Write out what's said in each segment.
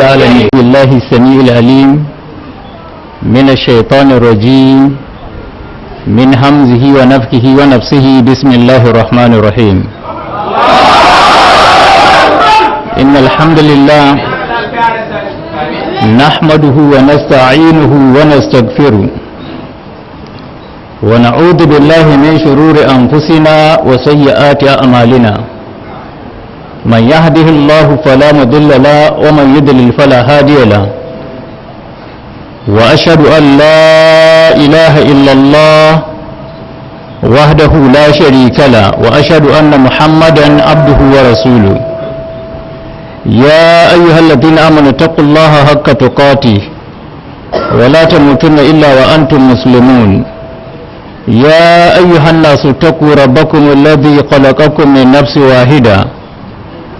العالمين الله السميع العليم من الشيطان الرجيم من همزه ونفكه ونفسه بسم الله الرحمن الرحيم إن الحمد لله نحمده ونستعينه ونستغفره ونعوذ بالله من شرور أنفسنا وسيئات أعمالنا من يهده الله فلا مضل له ومن يضلل فلا هادي له وأشهد أن لا إله إلا الله وحده لا شريك له وأشهد أن محمدا عبده ورسوله يا أيها الذين آمنوا اتقوا الله حق تقاته ولا تموتن إلا وأنتم مسلمون يا أيها الناس اتقوا ربكم الذي خلقكم من نفس واحده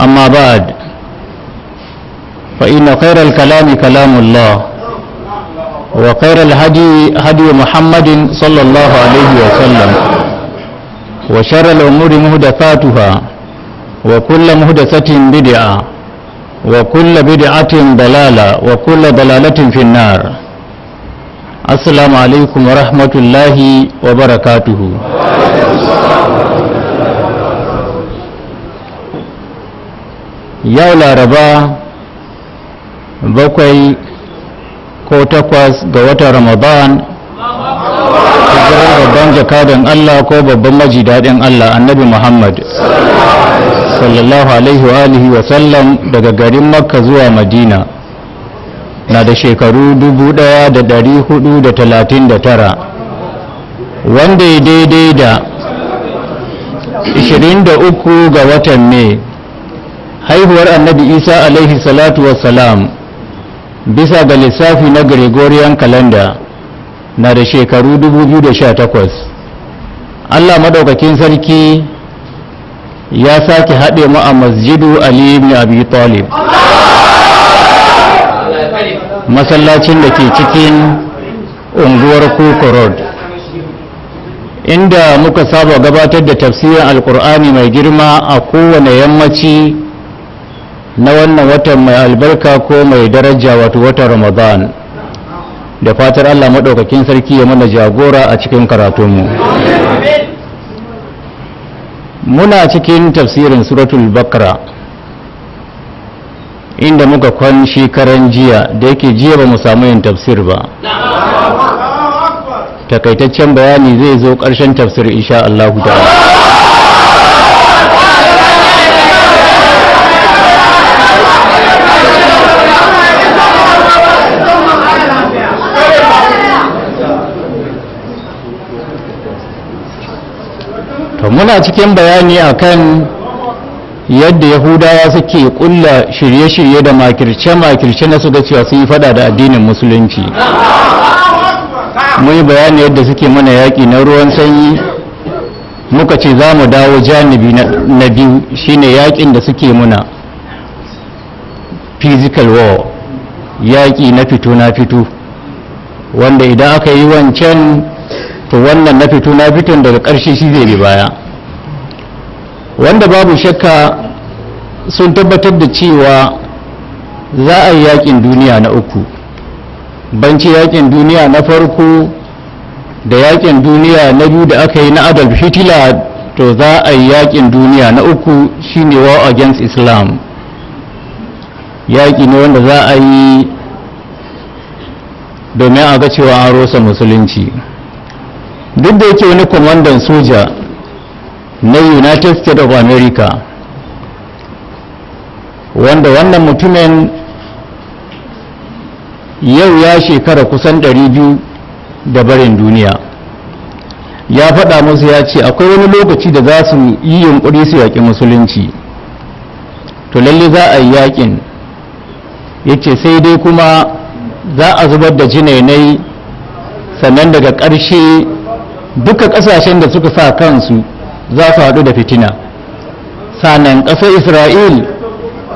أما بعد فإن خير الكلام كلام الله وخير الهدي هدي محمد صلى الله عليه وسلم وشر الأمور مهدثاتها وكل مهدثة بدعة وكل بدعة ضلالة وكل ضلالة في النار السلام عليكم ورحمة الله وبركاته yau laraba bakwai ko takwas ga watan ramadan babban jakadan allah ko babban maji-daɗin allah annabi muhammad sallallahu alaihi wa alihi wa sallam daga garin makka zuwa madina na da shekaru 1439 wanda ya daidai da 23 ga watan mai haihuwar annabi isa alaihi salatu salam, bisa ga lissafi na gregorian calendar na da shekaru 2018 allah madaukakin sarki ya sake haɗe mu a masjidu ali ibn abi talib masallacin da ke cikin unguwar kuku road inda muka saba gabatar da tafsirin alkur'ani mai girma a kowane yammaci na wannan watan mai albarka ko mai daraja wato watan ramadan da fatar allah maɗaukakin sarki ya mana jagora a cikin karatunmu muna cikin tafsirin suratul bakra inda muka kwan shekaran jiya da yake jiya ba mu samu yin tafsir ba takaitaccen bayani zai zo ƙarshen tafsir insha allahu ta'ala to muna cikin bayani akan yadda yahudawa suke kulla shirye-shirye da makirce-makirce na suka cewa sun yi fada da addinin musulunci mun yi bayani yadda suke mana yaƙi na ruwan sanyi muka ce za mu dawo janibi na biyu shine yaƙin da suke muna physical war yaƙi na fito na fito wanda idan aka yi wancan to wannan na fito na fiton daga ƙarshe shi zai bi baya wanda babu shakka sun tabbatar da cewa za a yi yakin duniya na uku banci yakin duniya na farko da yakin duniya na biyu da aka yi na adolf fitila to za a yi yakin duniya na uku shine war against islam yaƙi ne wanda za a yi domin a ga cewa an rosa musulunci duk da yake wani kwamandan soja na united states of america wanda wannan mutumin yau ya shekara kusan 200 da barin duniya ya faɗa musu ya ce akwai wani lokaci da za su yi yunƙuri su yaƙi musulunci to lalle za a yi yaƙin ya ce sai dai kuma za a zubar da jinainai sannan daga ƙarshe duka kasashen da suka sa kansu za su haɗu da fitina sanan ƙasar isra'il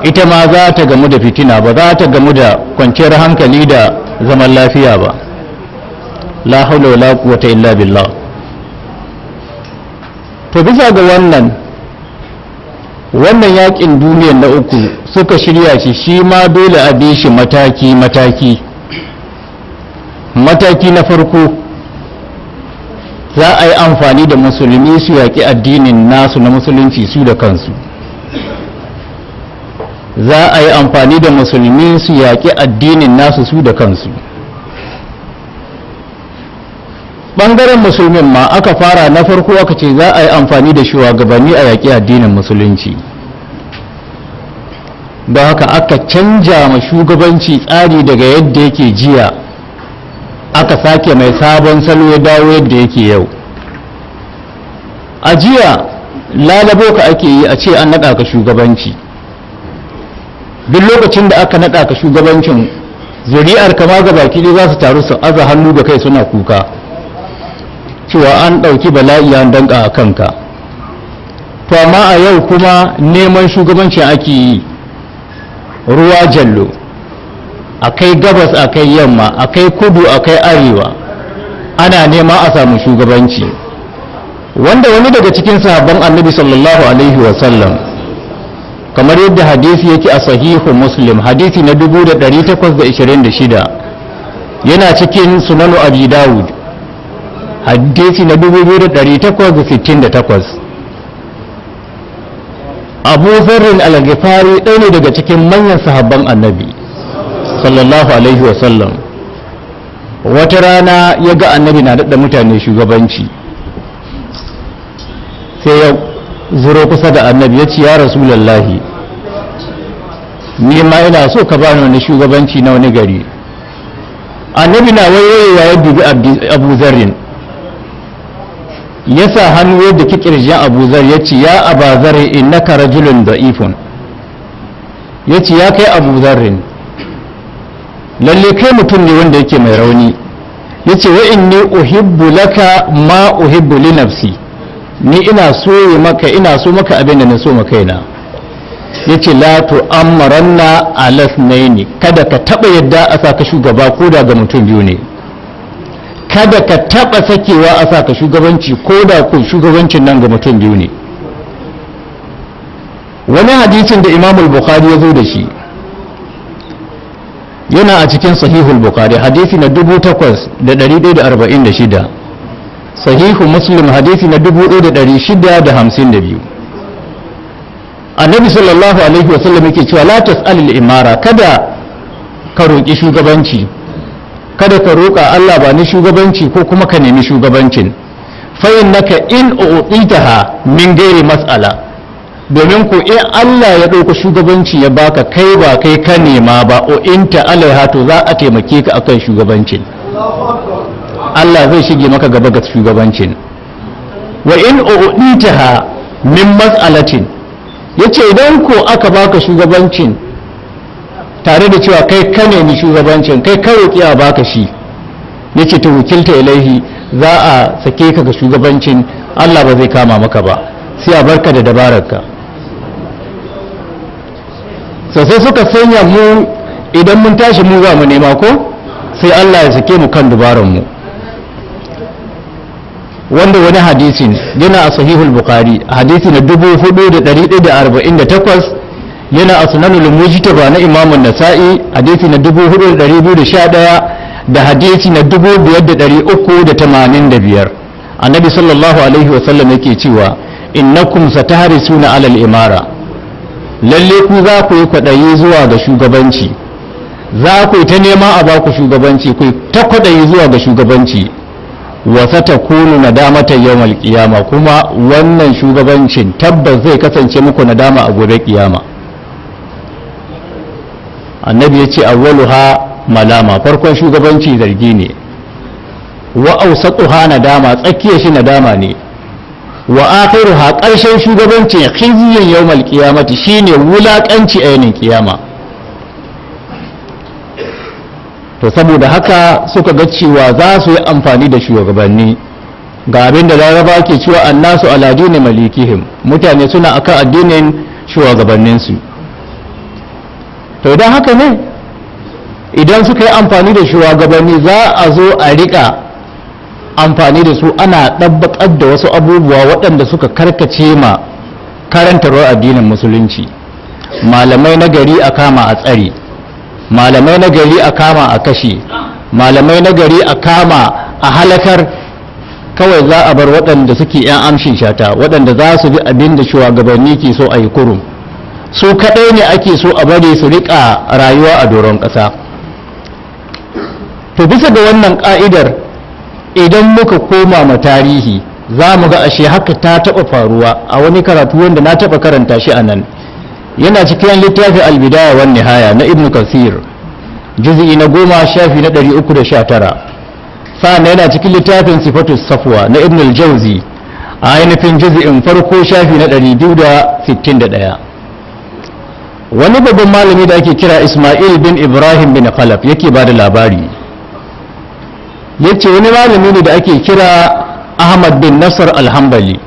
ita ma za ta gamu da fitina ba za ta gamu da kwanciyar hankali da zaman lafiya ba la haula wala quwwata illa billah to bisa ga wannan wannan yakin duniyar na uku suka shirya shi shi ma dole a bi shi mataki mataki mataki na farko za a yi amfani da musulmi su yaƙi addinin nasu na musulunci su da kansu za a yi amfani da musulmi su yaƙi addinin nasu su da kansu ɓangaren musulmin ma aka fara na farko aka ce za a yi amfani da shugabanni a yaƙi addinin musulunci don haka aka canja ma shugabanci tsari daga yadda yake jiya aka sake mai sabon salo ya dawo yadda yake yau a jiya lalabo ka ake yi a ce an naɗa ka shugabanci duk lokacin da aka naɗa ka shugabancin zuri'ar kama ga baki ne za su taru su aza hannu ga kai suna kuka cewa an ɗauki bala'i an danka a kanka to amma a yau kuma neman shugabanci ake yi ruwa jallo akai gabas akai yamma akai kudu akai arewa ana nema a samu shugabanci wanda wani daga cikin sahabban annabi sallallahu alaihi wa sallam, kamar yadda hadisi yake a sahihu muslim hadisi na 1826 yana cikin sunanu abi dawud hadisi na 2868 abu zarrin al-ghifari ɗaya ne daga cikin manyan sahabban annabi sallallahu alaihi wasallam wata rana ya ga annabi na daɗa mutane shugabanci sai ya zuro kusa da annabi ya ce ya rasulallahi ni ma ina so ka bani wani shugabanci na wani gari annabi na wayewa ya dubi abu zarin ya sa hannu yadda kikirjin abu zar ya ce ya abazare innaka rajulun ifon ya ce ya kai abu zarin lalle kai mutum ne wanda yake mai rauni yace wa inni uhibbu laka ma uhibbu li nafsi ni ina so maka ina so maka abin da na so maka kaina yace la tu'ammaranna ala ne kada ka taba yadda a saka shugaba ko da ga mutum biyu ne kada ka taba sakewa a saka shugabanci ko da ku shugabancin nan ga mutum biyu ne wani hadisin da imamul bukhari ya zo da shi yana a cikin sahihul bukari hadisi na 8146 sahihu muslim hadisi na 1652 annabi sallallahu alaihi wasallam yake cewa la tas'alil imara kada ka roƙi shugabanci kada ka roƙa Allah ba ni shugabanci ko kuma ka nemi shugabancin fa innaka in u'titaha min gairi mas'ala domin ko in Allah ya ɗauka shugabanci ya baka kai ba kai ka nema ba o in ta'alaiha to za a taimake ka akan shugabancin Allah zai shige maka gaba ga shugabancin wa in u'ditaha min mas'alatin yace idan ko aka baka shugabancin tare da cewa kai ka nemi shugabancin kai ka roki a baka shi yace ta wakilta ilaihi za a sake ka ga shugabancin Allah ba zai kama maka ba sai a barka da ka. sai suka sanya mu idan mun tashi mu za mu nema ko sai Allah ya sake mu kan dubaranmu wanda wani hadisi yana a sahihul bukhari hadisi na 4148 yana a sunanul mujtaba na imamu nasa'i hadisi na 4211 da hadisi na 5385 annabi sallallahu alaihi wasallam yake cewa innakum satahrisuna alal imara lalle ku za ku yi kwaɗayi zuwa ga shugabanci za ku yi ta nema a ba ku shugabanci ku ta kwaɗayi zuwa ga shugabanci wasa ta kunu ta yau ƙiyama kuma wannan shugabancin tabbas zai kasance muku na dama a gobe kiyama annabi ya ce ha malama farkon shugabanci zargi ne wa na nadama tsakiyar shi nadama ne wa ha ƙarshen shugabancin khizyin yawmal qiyamati shine wulakanci a kiyama to saboda haka suka ga cewa za su yi amfani da shugabanni ga abin da laraba ke cewa annasu aladu ne malikihim mutane suna akan addinin shugabanninsu to idan haka ne idan suka yi amfani da shugabanni za a zo a riƙa amfani da su ana ɗabbaƙar da wasu abubuwa waɗanda suka karkace ma karantarwar addinin musulunci malamai na a kama a tsari malamai nagari gari a kama a kashe malamai nagari gari a kama a halakar kawai za a bar waɗanda suke 'yan amshin shata waɗanda za su bi abin da shugabanni ke so a yi kurum su kaɗai ne ake so a bari su riƙa rayuwa a doron ƙasa to bisa ga wannan ƙa'idar idan muka koma ma tarihi za mu ga ashe haka ta taɓa faruwa a wani karatu wanda na taɓa karanta shi a nan yana cikin littafin albidaya wan nihaya na Ibnu kasir juz'i na goma shafi na 319 sa'an yana cikin littafin sifatu safwa na Ibnu al a ainihin juz'in farko shafi na ɗaya. wani babban malami da ake kira ismail bin ibrahim bin khalaf yake ba da labari ya ce wani malami ne da ake kira ahmad bin nasar alhambali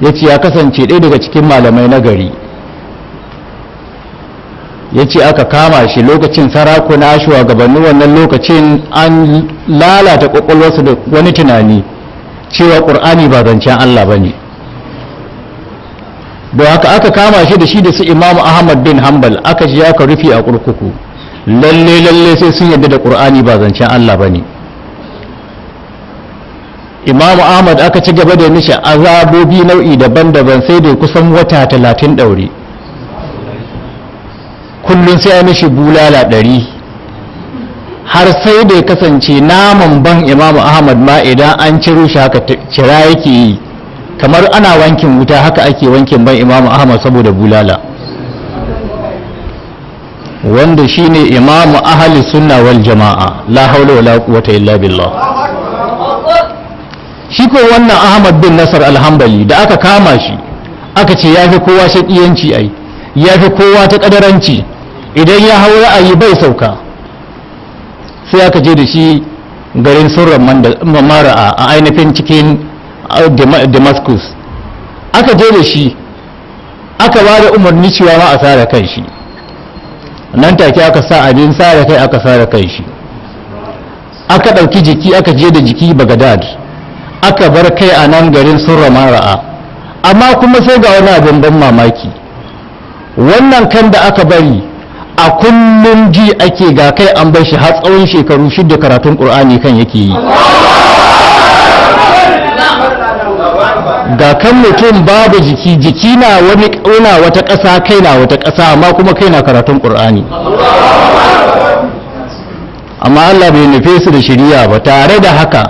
ya ce ya kasance ɗaya daga cikin malamai na gari ya ce aka kama shi lokacin sarakuna shugabannin wannan lokacin an lalata ƙwaƙwalwarsa da wani tunani cewa ƙur'ani ba zancen allah ba ne da haka aka kama shi da shi da su imamu ahmad bin hambal aka ji aka rufe a kurkuku lalle lalle sai sun yadda da qur'ani ba zancen Allah bane imamu ahmad aka ci gaba da mishi azabobi nau'i daban-daban sai da kusan wata talatin daure. kullum sai ya mishi bulala ɗari har sai da ya kasance naman ban imamu ahmad ma idan an ciro shi haka cira yake yi kamar ana wankin wuta haka ake wankin ban imamu ahmad saboda bulala wanda shine imamu ahli sunna wal jama'a la haula wala quwwata illa billah shi ko wannan ahmad bin nasar alhambali da aka kama shi aka ce ya fi kowa shaƙiyanci ai ya fi kowa ta ƙadaranci idan ya hau ra'ayi bai sauka sai aka je da shi garin surran mara a ainihin cikin uh, damascus aka je da shi aka ba da umarni cewa ma a tsara kan shi nan take aka sa abin sare kai aka sare kai shi aka ɗauki jiki aka je da jiki bagadad aka bar kai a nan garin surra mara'a amma kuma sai ga wani abin ban mamaki wannan kan da aka bari a kullum ji ake ga kai an bar shi har tsawon shekaru shidda karatun ƙur'ani kan yake yi ga kan mutum babu jiki jiki na wani ƙauna wata ƙasa kai na wata ƙasa amma kuma kai na karatun ƙur'ani amma Allah bai nufe su da shiriya ba tare da haka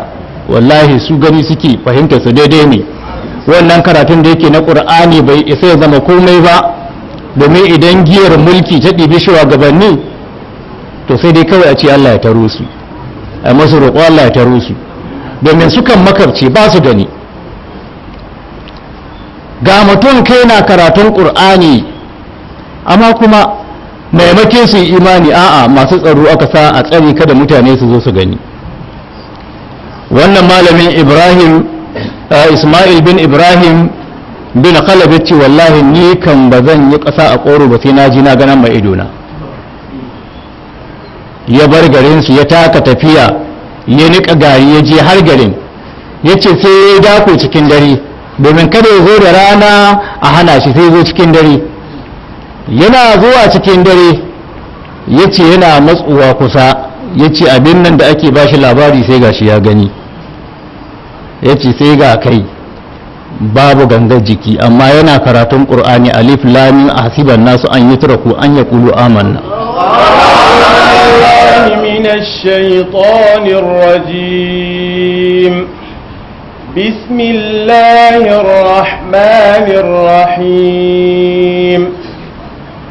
wallahi su gani suke fahimtar su daidai ne wannan karatun da yake na ƙur'ani bai isa ya zama komai ba domin idan giyar mulki ta ɗibi gabanni to sai dai kawai a ce Allah ya taro su a masu roƙo Allah ya taro su domin sukan makarce ba su gani ga mutum kai na karatun ƙur'ani amma kuma maimakin su imani a'a masu tsaro aka sa a tsari kada mutane su zo su gani wannan malamin ibrahim ismail bin ibrahim bin kalabici wallahi ni kan ba zan yi ƙasa a ƙoro ba sai na ji na ganin mai idona ya bar garin su ya taka tafiya ya niƙa gari ya je har garin ya ce sai ya dako cikin dare domin kada ya zo da rana a hana shi sai zo cikin dare yana zuwa cikin dare ya ce yana matsuwa kusa ya ce abin nan da ake bashi labari sai ga shi ya gani ya ce sai ga kai babu gangar jiki amma yana karatun ƙur'ani alif lamin a hasiban nasu an yi turaku an ya ƙulu, amanna na بسم الله الرحمن الرحيم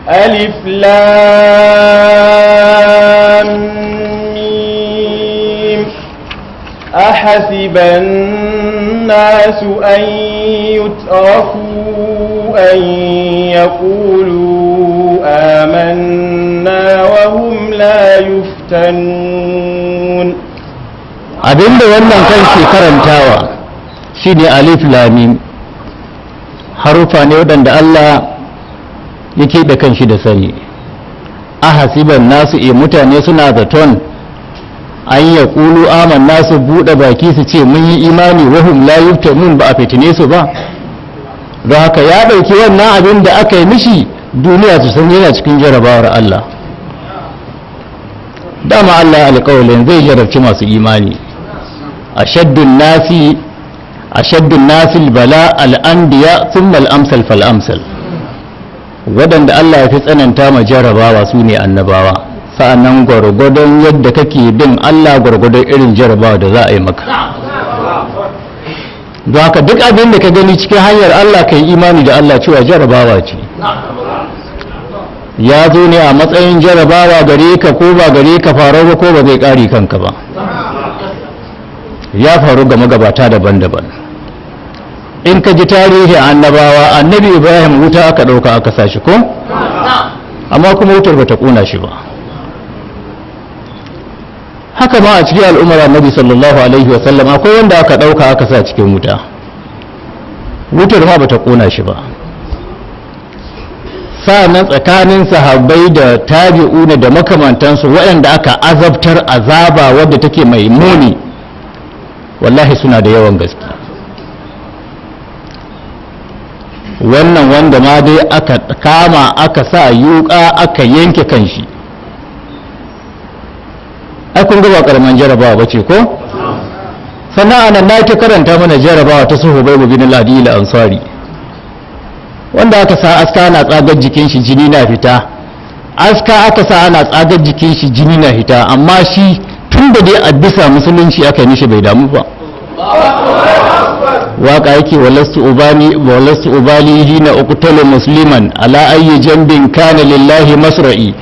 ألف لام ميم أحسب الناس أن يتركوا أن يقولوا آمنا وهم لا يفتنون abinda wannan في ke تاوى ne alif lamim harufa ne waɗanda Allah ya yake da shi da sani a hasiban nasu e mutane suna zaton an ya ƙulu aman nasu buɗe baki su ce mun yi imani wahum la mun ba a fitine su ba Ba haka ya ɗauki wannan abin da aka yi mishi duniya su san yana cikin jarabawar Allah dama Allah alƙawalin zai jarabci masu imani a shaddun nasi shaddin nasil bala al'andiya sun mal'amsal fal'amsal waɗanda Allah ya fi tsananta ma jarabawa su ne annabawa sa'annan gwargwadon yadda kake bin Allah gwargwadon irin jarabawa da za a yi maka don haka duk abin da ka gani cikin hanyar Allah ka yi imani da Allah cewa jarabawa ce ya zo ne a matsayin jarabawa gare ka ko ba gare ka faru ba ko ba zai ƙari kanka ba ya faru ga magabata daban-daban in ka ji a annabawa annabi ibrahim wuta aka ɗauka aka sashi ko amma kuma wutar ba ta ƙuna shi ba haka ma a cikin al'ummar annabi sallallahu alaihi wasallam akwai wanda aka ɗauka aka sa cikin wuta wutar ma ba ta ƙuna shi ba sa'annan tsakanin sahabbai da tabi'una da makamantansu waɗanda aka azabtar azaba wadda take mai muni wallahi suna da yawan gaske wannan wanda ma dai aka kama aka sa yuka aka yanke kanshi kun gaba karaman jarabawa ba ko sannan anan na ke karanta mana jarabawa ta suhu bai bin ladi ansari wanda aka sa aska na tsagar jikin shi jini na fita aska aka sa ana tsagar jikin shi jini na fita amma shi tun da dai a bisa musulunci aka yi shi bai damu ba waka yake walastu ubani walastu ubali hina uqtalu musliman ala ayi jambin kana lillahi masra'i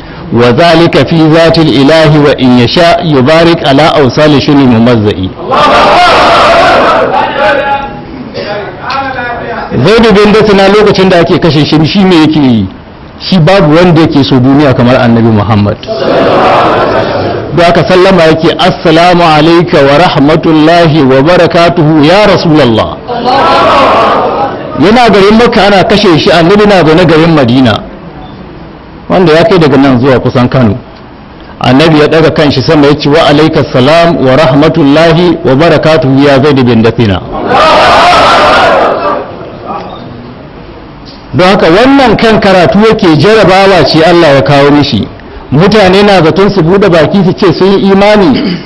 wa zalika fi zati ilahi wa in yasha yubarik ala awsali shuni mumazzai zaidu bin tana lokacin da ake kashe shi shi me yake yi shi babu wanda yake so duniya kamar annabi muhammad da aka sallama yake assalamu alayka wa rahmatullahi wa barakatuhu ya rasulullah yana garin maka ana kashe shi annabi na garin madina wanda ya kai daga nan zuwa kusan kano annabi ya daga kanshi sama ya ce wa alayka salam wa rahmatullahi wa barakatuhu ya zai da bin dafina don haka wannan kan karatu yake jarabawa ce allah ya kawo mishi mutane na zaton su bude baki su ce sun yi imani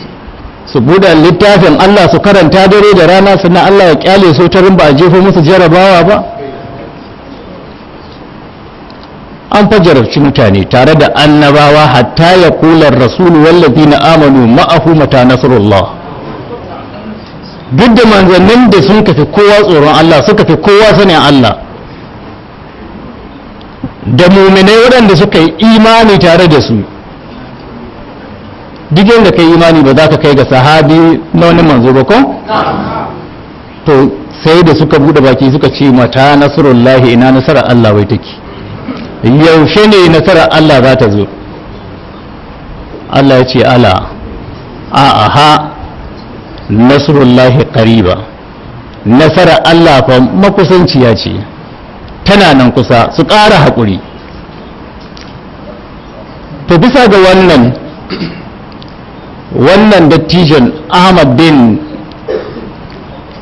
su bude littafin Allah su karanta dare da rana sannan Allah ya kyale su tarin ba a jefo musu jarabawa ba an fajarci mutane tare da annabawa hatta ya kula rasulu wallafi na amanu ma'ahu mata nasarullah duk da manzannin da sun kafi kowa tsoron Allah suka fi kowa sanin Allah da muminai waɗanda suka yi imani tare da su duk yadda kai imani ba za ka kai ga sahabi na wani manzo ba ko to sai da suka buɗe baki suka ce mata lahi ina nasarar Allah wai take yaushe ne nasarar Allah za ta zo Allah ya ce ala a aha ƙari ba. nasarar Allah fa makusanciya ce tana nan kusa su ƙara haƙuri to bisa ga wannan wannan dattijon ahmad bin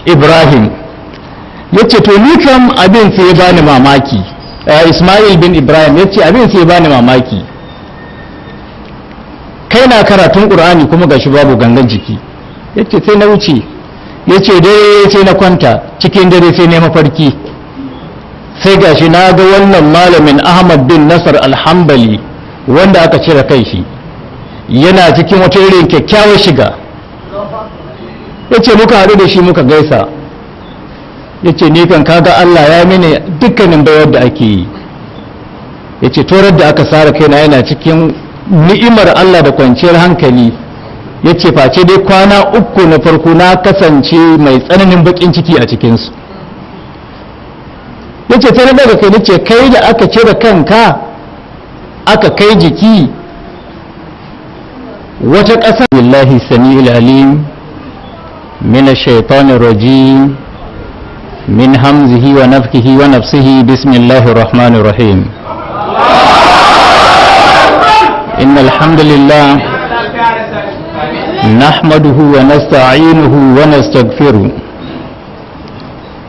ibrahim ya ce to nukan abin sai ya bani mamaki eh, ismail bin ibrahim ya ce abin sai ya bani mamaki kai na karatun ƙur'ani kuma ga shi babu gangan jiki ya ce sai na wuce ya ce dai sai na kwanta cikin dare sai ne mafarki sai ga shi na ga wannan malamin ahmad bin nasar alhambali wanda aka cire kai shi yana cikin wata irin kyakkyawar shiga ya ce muka haɗu da shi muka gaisa ya ce ni kan kaga allah ya mini dukkanin bayar da ake yi ya ce torar da aka sara na yana cikin ni'imar allah da kwanciyar hankali ya ce face dai kwana uku na farko na kasance mai tsananin bakin ciki a cikinsu nace sai na daga kai nace kai da aka cire kanka aka kai jiki wata ƙasa billahi sami'il alim min ash-shaytanir rajim min hamzihi wa nafkihi wa nafsihi bismillahir rahmanir rahim innal hamdalillah nahmaduhu wa nasta'inuhu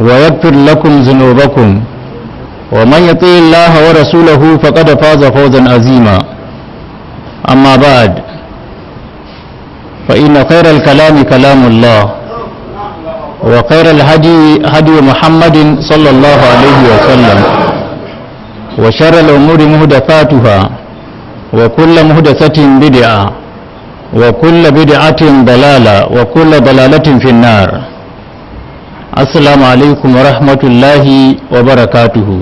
ويغفر لكم ذنوبكم ومن يطع الله ورسوله فقد فاز فوزا عظيما أما بعد فإن خير الكلام كلام الله وخير الهدي هدي محمد صلى الله عليه وسلم وشر الأمور مهدفاتها وكل مهدثة بدعة وكل بدعة ضلالة وكل ضلالة في النار assalamu alaikum wa rahmatullahi wa barakatuhu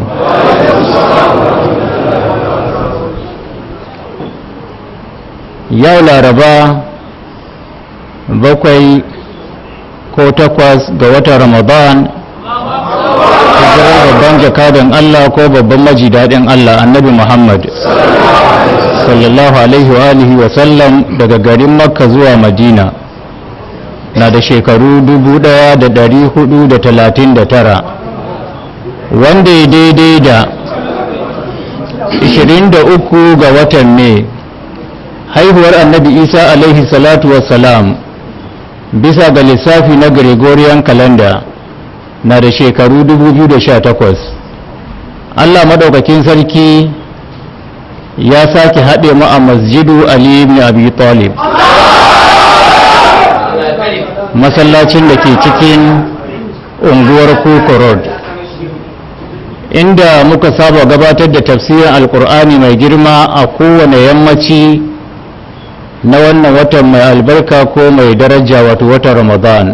yau laraba bakwai ko takwas ga watan ramadan hijirar babban jakadan allah ko babban maji allah annabi muhammad sallallahu alaihi wa sallam daga garin makka zuwa madina na da shekaru 1439 wanda ya daidai da 23 ga watan mai haihuwar annabi isa alaihi salatu wasalam bisa ga lissafi na gregorian calendar na da shekaru 2018 allah maɗaukakin sarki ya sake haɗe mu a masjidu ali ibn abi talib masallacin da ke cikin unguwar kuka road inda muka saba gabatar da tafsirin alkur'ani mai girma a kowane yammaci na wannan watan mai albarka ko mai daraja wato watan ramadan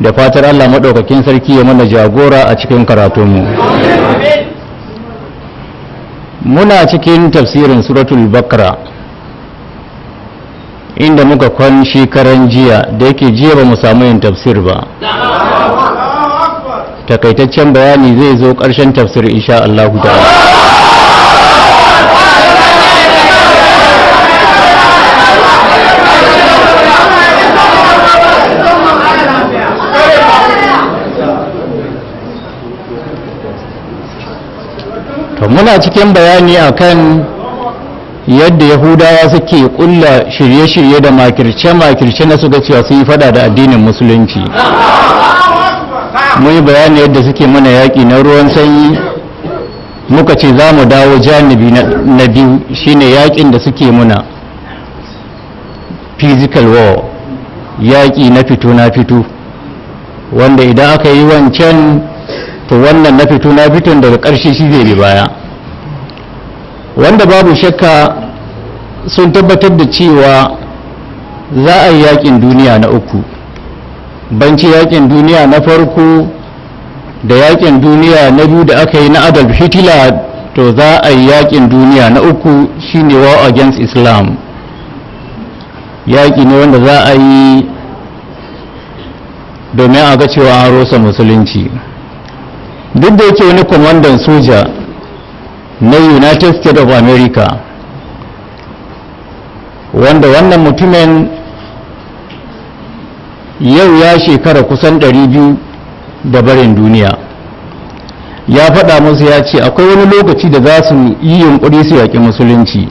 da fatar allah maɗaukakin sarki ya mana jagora a cikin karatunmu muna cikin tafsirin suratul bakra inda muka kwan shekaran jiya da yake jiya ba mu samu yin tafsir ba takaitaccen bayani zai zo ƙarshen tafsir insha Allah ta'ala muna cikin bayani akan yadda yahudawa suke kulla shirye-shirye da makirce-makirce na suka cewa sun yi fada da addinin musulunci mun yi bayani yadda suke mana yaƙi na ruwan sanyi muka ce za mu dawo janibi na biyu shine yaƙin da suke muna physical war yaƙi na fito na fito wanda idan aka yi wancan to wannan na fito na fito daga ƙarshe shi zai baya wanda babu shakka sun tabbatar da cewa za a yi yakin duniya na uku banci yakin duniya na farko da yakin duniya na biyu da aka yi na adolf hitler to za a yi yakin duniya na uku shine war against islam yaki ne wanda za a yi domin a ga cewa an rosa musulunci duk da yake wani kwamandan soja na united states of america wanda wannan mutumin yau ya shekara kusan 200 da barin duniya ya faɗa musu ya ce akwai wani lokaci da za su yi yunƙuri su yaƙi musulunci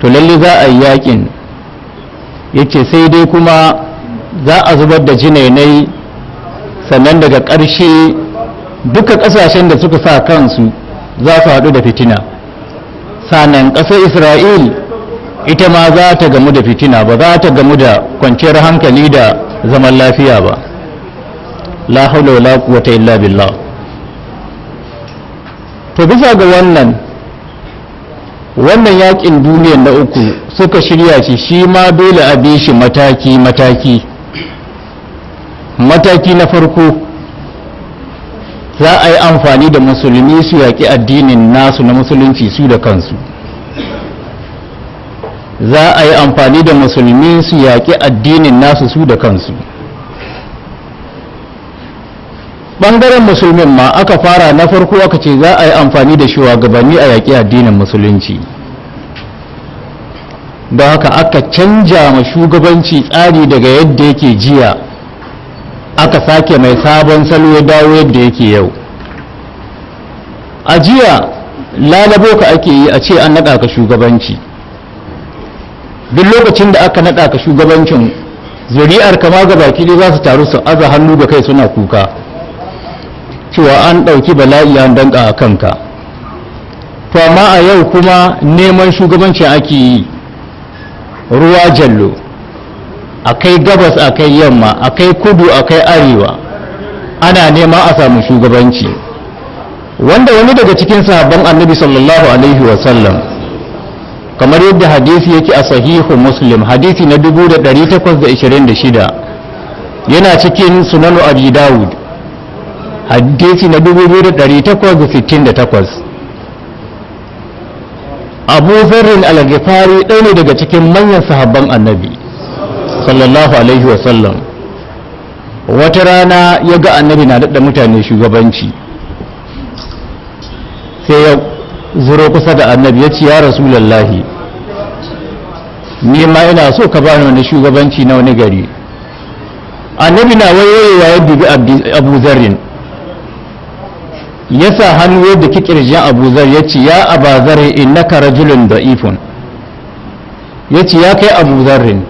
to lalle za a yi yaƙin ya ce sai dai kuma za a zubar da jinainai sannan daga ƙarshe duka ƙasashen da suka sa kansu za su haɗu da fitina sannan ƙasar isra'il ita ma za ta gamu da fitina ba za ta gamu da kwanciyar hankali da zaman lafiya ba la haula wala quwwata illa billah to bisa ga wannan wannan yakin duniya na uku suka shirya shi shi ma dole a bi shi mataki mataki mataki na farko za a yi amfani da musulmi su yaƙi addinin nasu na musulunci su da kansu za a yi amfani da musulmi su yaƙi addinin nasu su da kansu ɓangaren musulmin ma aka fara na farko aka ce za a yi amfani da shugabanni a yaƙi addinin musulunci da haka aka canja ma shugabanci tsari daga yadda yake jiya aka sake mai sabon salo ya dawo yadda yake yau a jiya lalabo ka ake yi a ce an naɗa ka shugabanci duk lokacin da aka naɗa ka shugabancin zuri'ar kama ga baki ne za su taru su aza hannu ga kai suna kuka cewa an ɗauki bala'i an danka a kanka to amma a yau kuma neman shugabancin ake yi ruwa jallo akai gabas akai yamma akai kudu akai arewa ana nema a samu shugabanci wanda wani daga cikin sahabban annabi sallallahu alaihi sallam kamar yadda hadisi yake a sahihu muslim hadisi na 1826 yana cikin sunan abi dawud hadisi na 2868 abu zarrin al-ghifari ɗaya ne daga cikin manyan sahabban annabi sallallahu alaihi wasallam wata rana ya ga annabi na daɗa mutane shugabanci sai ya zuro kusa da annabi ya ce ya rasulallahi nema yana so ka bani wani shugabanci na wani gari annabi na wayewa ya dubi abu zarin ya sa hannu yadda ki kirjin abu zar ya ce ya abazare innaka rajulun ifon. ya ce ya kai abu zarin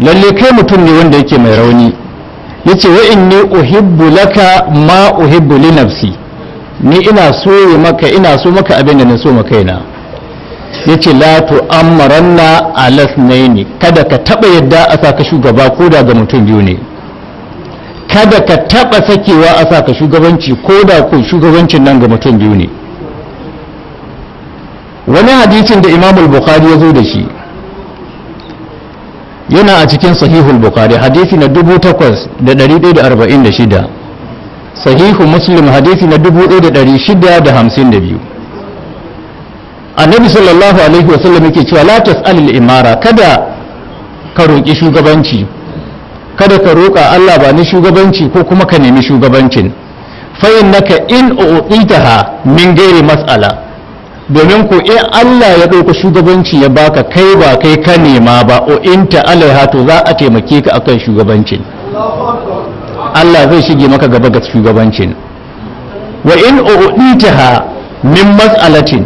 lalle kai mutum ne wanda yake mai rauni yace wa inni uhibbu laka ma uhibbu li nafsi ni ina so maka ina so maka abin da na so maka ina yace la tu'ammaranna ala ne kada ka taba yadda a saka shugaba ko da ga mutum biyu ne kada ka taba sakewa a saka shugabanci ko da ko shugabancin nan ga mutum biyu ne wani hadisin da imamul bukhari ya zo da shi yana a cikin sahihul bukhari hadisi na 8146 sahihu muslim hadisi na 1652 annabi sallallahu alaihi wasallam yake cewa la tas'alil imara kada ka roƙi shugabanci kada ka roƙa Allah ba ni shugabanci ko kuma ka nemi shugabancin fa innaka in u'titaha min ghairi mas'ala domin ko in Allah ya ɗauka shugabanci ya baka kai ba kai ka nema ba o in ya to za a taimake ka akan shugabancin Allah zai shige maka gaba ga shugabancin wa in uditaha min mas'alatin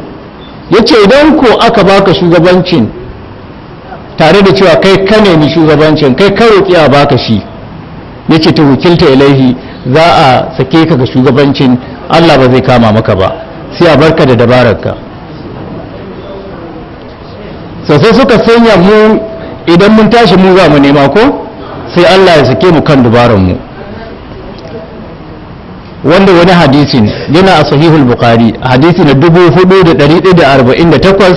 yace idan ko aka baka shugabancin tare da cewa kai ka nemi shugabancin kai ka roki a baka shi yace ta wakilta ilaihi za a sake ka ga shugabancin Allah ba zai kama maka ba sai a barka da ka. sosai suka sanya mu idan mun tashi mu za mu nema ko sai Allah ya sake mu kan dubaran mu wanda wani hadisin yana a sahihul bukhari hadisi na 4148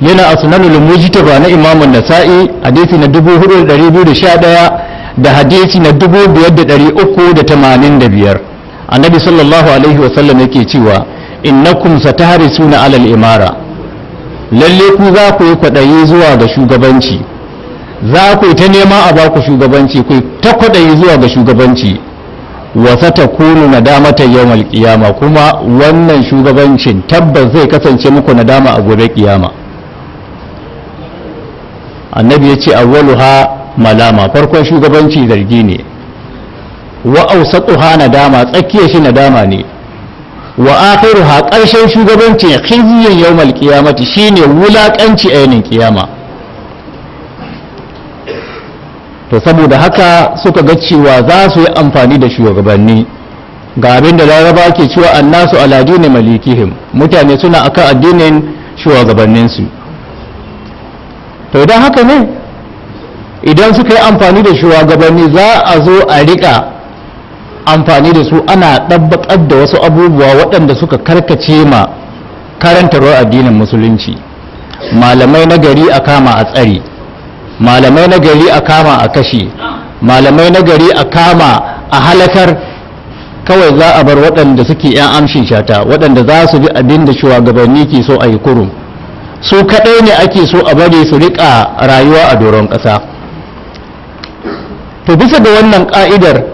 yana a sunanul mujtaba na an nasa'i hadisi na 4211 da hadisi na 5385 annabi sallallahu alaihi wasallam yake cewa innakum satahrisuna alal imara lalle ku za ku yi kwaɗayi zuwa ga shugabanci za ku ta nema a baku shugabanci ku ta kwaɗayi zuwa ga shugabanci wasa ta kunu ta yau qiyama kuma wannan shugabancin tabbas zai kasance muku na dama a gobe ƙiyama annabi ya ce ha malama farkon shugabanci zargi ne wa na dama tsakiyar shi nadama ne wa ha karshen shugabanci khizyun yawmal qiyamati shine wulakanci ainin kiyama to saboda haka suka ga cewa za su yi amfani da shugabanni ga abin da laraba ke cewa annasu ala malikihim mutane suna akan addinin shugabanninsu to idan haka ne idan suka yi amfani da shugabanni za a zo a rika amfani da su ana ɗabbaƙar da wasu abubuwa waɗanda suka karkace ma karantarwar addinin musulunci malamai na a kama a tsari malamai nagari gari a kama a kashe malamai nagari gari a kama a halakar kawai za a bar waɗanda suke 'yan amshin shata waɗanda za su bi abin da shugabanni ke so a yi kurum su kaɗai ne ake so a bari su riƙa rayuwa a doron ƙasa to bisa da wannan ƙa'idar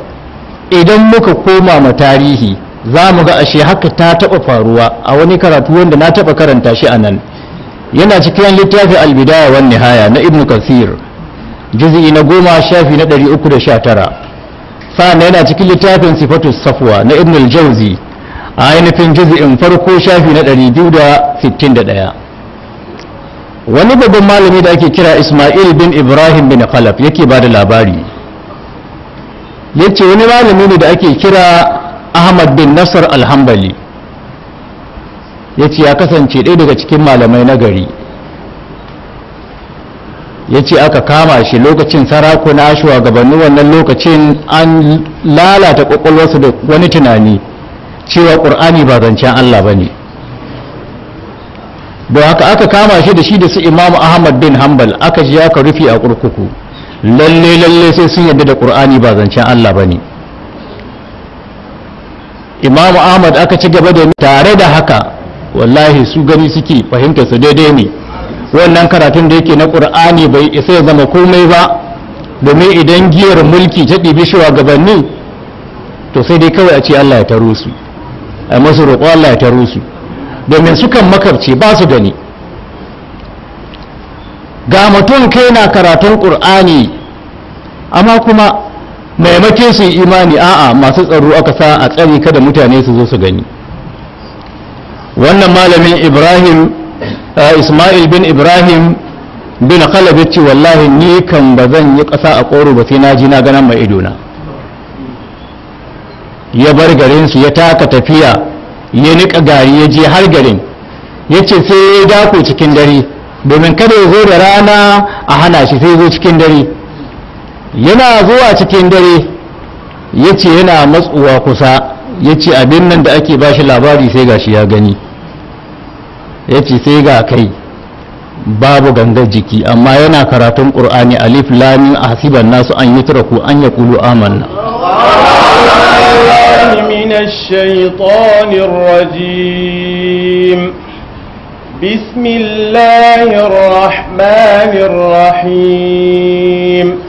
idan muka koma ma tarihi za mu ga ashe haka ta taɓa faruwa a wani karatu wanda na taɓa karanta shi a nan yana cikin littafin albidaya wan nihaya na ibnu kasir juz'i na goma shafi na 319 sa'an yana cikin littafin sifatu safwa na ibnu al-jawzi a ainihin juz'in farko shafi na 261 wani babban malami da ake kira ismail bin ibrahim bin khalaf yake ba da labari ya ce wani malami ne da ake kira ahmad bin nasar alhambali ya ce ya kasance ɗaya daga cikin malamai na gari ya ce aka kama shi lokacin sarakuna gabanin wannan lokacin an lalata kwakwalwarsu da wani tunani cewa ƙur'ani ba zancen allah ba ne don haka aka kama shi da shi da su imamu ahmad bin hanbal aka ji aka rufi a kurkuku lalle lalle sai sun yadda da qur'ani ba zancen Allah bane imamu Ahmad aka ci gaba da tare da haka wallahi su gani suke fahimtar su daidai ne wannan karatun da yake na qur'ani bai isa ya zama komai ba domin idan giyar mulki ta ɗibi gabanni to sai dai kawai a ce Allah ya taro su a masu roƙo Allah ya taro su domin sukan makarce ba su gani ga mutum kai na karatun ƙur'ani amma kuma maimakin su imani a'a masu tsaro aka sa a tsari kada mutane su zo su gani wannan malamin ibrahim ismail bin ibrahim bin kalabici wallahi ni kan ba zan yi ƙasa a ƙoro ba sai na ji na ganin mai idona ya bar garin su ya taka tafiya ya niƙa gari ya je har garin ya ce sai ya dako cikin dare domin kada ya zo da rana a hana shi sai zo cikin dare yana zuwa cikin dare ya ce yana matsuwa kusa ya ce abin nan da ake bashi labari sai ga shi ya gani ya ce sai ga kai babu gangar jiki amma yana karatun ƙur'ani alif lamin a hasiban nasu an yi turaku an ya kulu amanna من الشيطان الرجيم بسم الله الرحمن الرحيم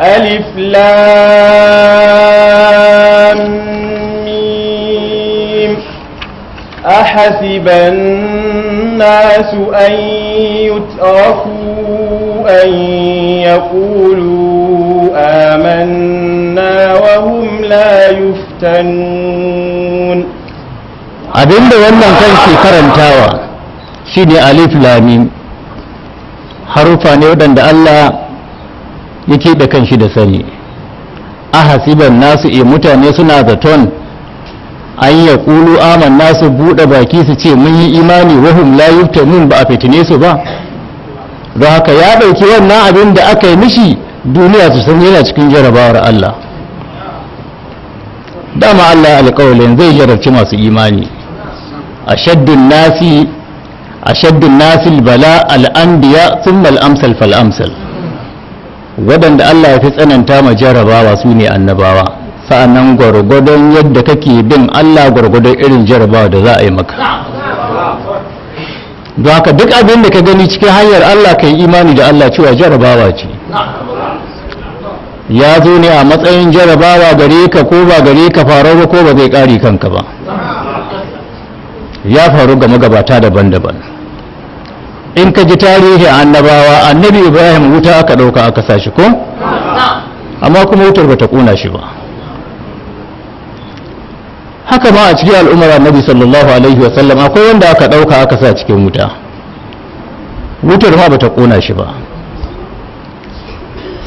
ألف لام ميم أحسب الناس أن يتركوا أن يقولوا آمنا وهم لا يفتنون abinda wannan kan ke تاوى ne alif lamin harufa ne waɗanda Allah ya yake da shi da sani a hasiban nasu e mutane suna zaton an yi ƙulu aman nasu buɗe baki su ce mun yi imani wahum ta nun ba a fitine su ba da haka ya ɗauki wannan abin da aka yi mishi duniya su san yana cikin jarabawar Allah dama Allah alƙawalin zai jarabci masu imani a shaddun nasi ashaddun nasil bala al'anbiya thumma al'amsal fal amsal waɗanda Allah ya fi tsananta ma jarrabawa su ne annabawa sa'annan gwargwadon yadda kake bin Allah gwargwadon irin jarabawa da za a yi maka haka duk abin da ka gani cikin hanyar Allah ka yi imani da Allah cewa jarabawa ce ya zo ne a matsayin jarabawa gare ka ko ba gare ka faru ba ko ba zai kare kanka ba ya faru ga magabata daban-daban in ka ji tarihi a annabawa annabi ibrahim wuta aka ɗauka aka sa shi ko amma kuma wutar ba ta ƙuna shi ba haka ma a cikin al'ummar annabi sallallahu alaihi wasallam akwai wanda aka ɗauka aka sa cikin wuta wutar ma ba ta ƙuna shi ba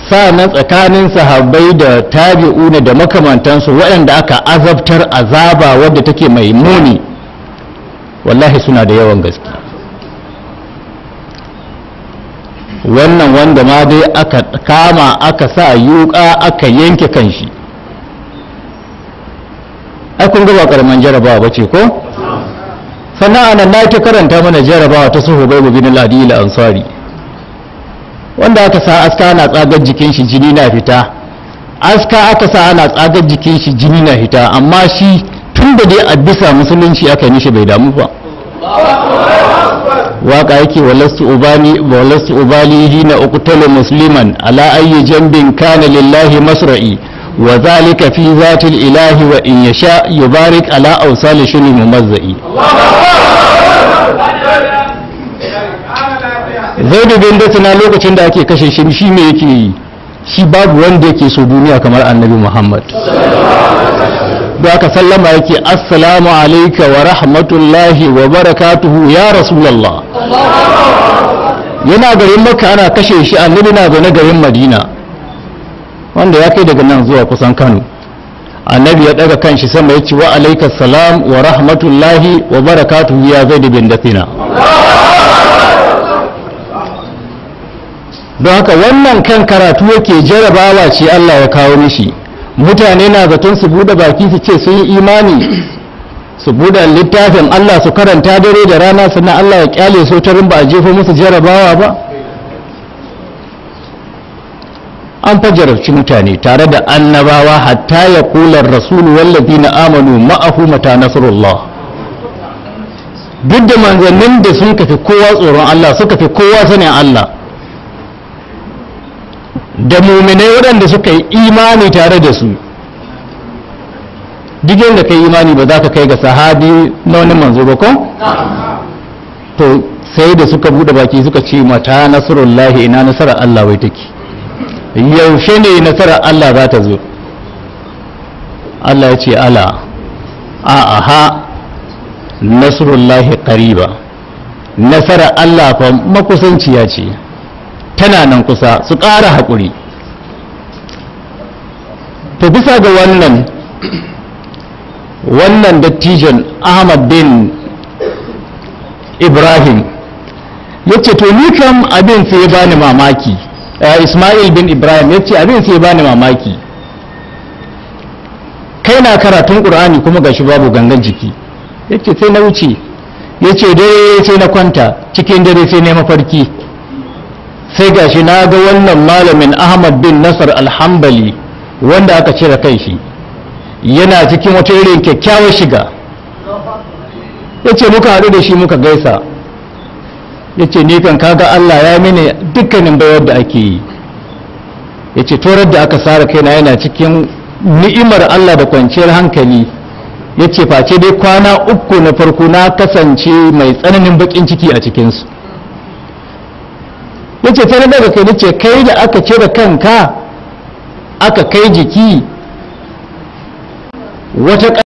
Sa sa'annan tsakanin sahabbai da tabi'una da makamantansu waɗanda aka azabtar azaba wadda take mai muni wallahi suna da yawan gaske wannan wanda ma dai aka kama aka sa yuka aka yanke kanshi ai kun gaba karaman jarabawa bace ko sannan na na ta karanta mana jarabawa ta suhu bai bin al ansari wanda aka sa aska ana tsagar jikin shi jini na fita aska aka sa ana tsagar jikin shi jini na fita amma shi tun da dai a bisa musulunci aka yi shi bai damu ba waka yake walastu ubani walastu ubali dina uqtalu musliman ala ayi jambin kana lillahi masra'i wa zalika fi zati ilahi wa in yasha yubarik ala awsal shuni mumazzai zaidu bin datana lokacin da ake kashe shi shi me yake yi shi babu wanda yake so duniya kamar annabi muhammad da aka sallama yake assalamu alaika wa rahmatullahi wa barakatuhu ya rasulallah yana garin maka ana kashe shi annabi na zaune garin madina wanda ya kai daga nan zuwa kusan kano annabi ya daga kanshi sama ya wa alaika salam wa rahmatullahi wa barakatuhu ya zai da bindatina don haka wannan kan karatu yake jarabawa ce allah ya kawo mishi mutane na zaton su bude baki su ce sun yi imani su bude littafin Allah su karanta dare da rana sannan Allah ya kyale su ta ba a jefa musu jarabawa ba an fajarci mutane tare da annabawa hatta ya kula rasulu wallafi na amanu ma'ahu mata nasarullah duk da manzannin da sun kafi kowa tsoron Allah suka fi kowa sanin Allah da muminai waɗanda suka yi imani tare da su duk yadda yi imani ba za ka kai ga sahabi na wani manzo ba ko to sai da suka bude baki suka ce mata lahi ina nasarar Allah wai take yaushe ne nasarar Allah za ta zo Allah ya ce ala a aha lahi kariba nasarar Allah fa makusanciya ce tana nan kusa su ƙara haƙuri to bisa ga wannan wannan dattijon ahmad bin ibrahim ya ce to ni kam abin sai ya bani mamaki eh, ismail bin ibrahim ya ce abin sai ya bani mamaki kai na karatun ƙur'ani kuma gashi babu gangan jiki ya ce sai na wuce ya ce dare sai na kwanta cikin dare sai na mafarki sai gashi na ga wannan malamin ahmad bin nasar alhambali wanda aka cire kai shi yana cikin wata irin kyakkyawar shiga ya ce muka haɗu da shi muka gaisa ya ce ni kan kaga allah ya mini dukkanin bayar da ake yi ya ce torar da aka sara kaina yana cikin ni'imar allah da kwanciyar hankali ya ce face dai kwana uku na farko na kasance mai tsananin bakin ciki a cikinsu ta ce na daga kai na ce kai da aka da kanka aka kai jiki wata